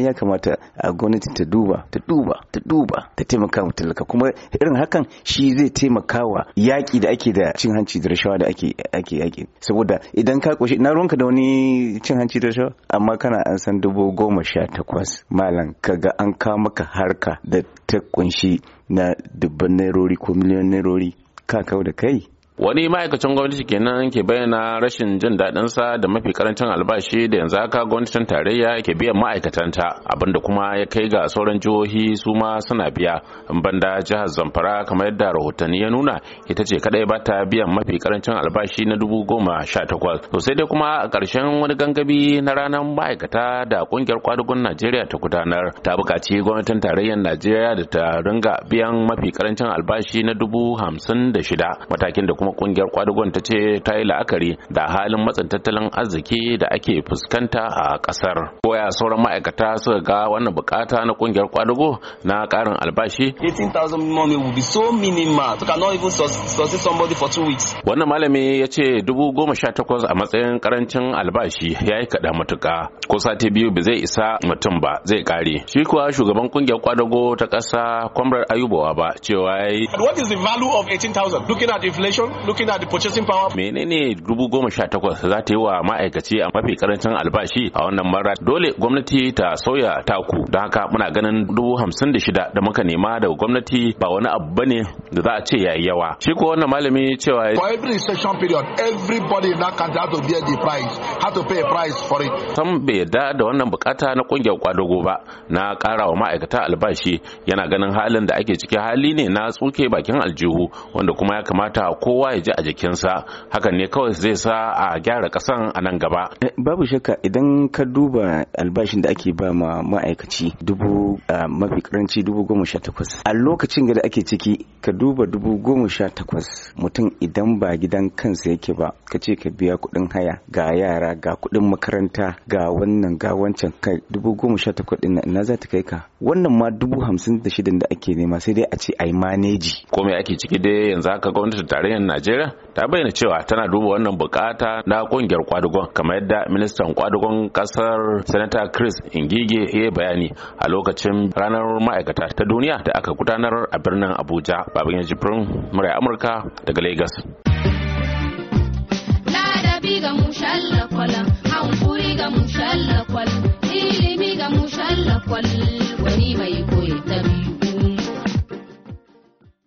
ya kamata a gwamnati ta duba ta duba ta duba ta taimaka wa talaka kuma irin hakan shi zai taimaka wa yaƙi da ake da cin hanci da rashawa da ake yaƙi saboda idan ka ƙoshi na ruwanka da wani cin hanci da rashawa amma kana an san dubu goma sha takwas malam kaga an kawo maka harka da ta kunshi na dubban nerori ko miliyon nerori ka kawo da kai wani ma'aikacin gwamnati kenan ke bayyana rashin jin daɗinsa da mafi karancin albashi da yanzu haka gwamnatin tarayya ke biyan ma'aikatanta abinda kuma ya kai ga sauran jihohi su ma suna biya banda jihar zamfara kamar yadda rahotanni ya nuna ita ce kadai ba ta biyan mafi karancin albashi na dubu goma sha takwas to sai dai kuma a ƙarshen wani gangami na ranar ma'aikata da ƙungiyar kwadugun najeriya ta gudanar ta buƙaci gwamnatin tarayyar najeriya da ta ringa biyan mafi karancin albashi na dubu hamsin da shida matakin da kuma kungiyar kwadugon ta ce ta yi la'akari da halin matsin tattalin arziki da ake fuskanta a kasar koya sauran ma'aikata suka ga wannan bukata na kungiyar kwadugo na karin albashi 18000 money will be so minimal so cannot even sustain somebody for two weeks wannan malami ya ce dubu goma sha takwas a matsayin karancin albashi ya yi kaɗa matuka ko sati biyu ba zai isa mutum ba zai kare shi kuwa shugaban kungiyar kwadago ta ƙasa kwamrar ayubawa ba cewa ya yi what is the value of 18000 looking at inflation looking at the purchasing power. Menene dubu goma sha takwas za ta yi wa ma'aikaci a mafi karancin albashi a wannan mara dole gwamnati ta sauya taku don haka muna ganin dubu hamsin da shida da muka nema daga gwamnati ba wani abu bane da za a ce yayi yawa. Shi ko wannan malami cewa for every recession period everybody in that country had to bear the price had to pay a price for it. Sam bai yarda da wannan bukata na kungiyar kwadago ba na kara wa ma'aikata albashi yana ganin halin da ake ciki hali ne na tsuke bakin aljihu wanda kuma ya kamata kowa kowa ya ji a jikinsa hakan ne kawai zai sa a gyara kasan a nan gaba eh, babu shakka idan ka duba albashin da ake ba ma ma'aikaci dubu ah, mafi karanci dubu goma sha takwas a lokacin da ake ciki ka duba dubu goma sha takwas mutum idan ba gidan kansa yake ba ka ce ka biya kuɗin haya ga yara ga kuɗin makaranta ga wannan ga wancan kai dubu goma sha takwas ɗin na za ta kai ka wannan ma dubu hamsin da shidan da ake nema sai dai a ce a yi maneji ko me ake ciki dai yanzu haka tare tarayyar Najeriya ta bayyana cewa tana duba wannan bukata na kungiyar kwadugon kamar yadda ministan kwadugon kasar Senator Chris Ingige ya bayani a lokacin ranar ma'aikata ta duniya da aka gudanar a birnin Abuja. Babin Jibrin Murai Amurka daga Lagos. Ilimi ga mushallakwal wani mai koyi ta biyu.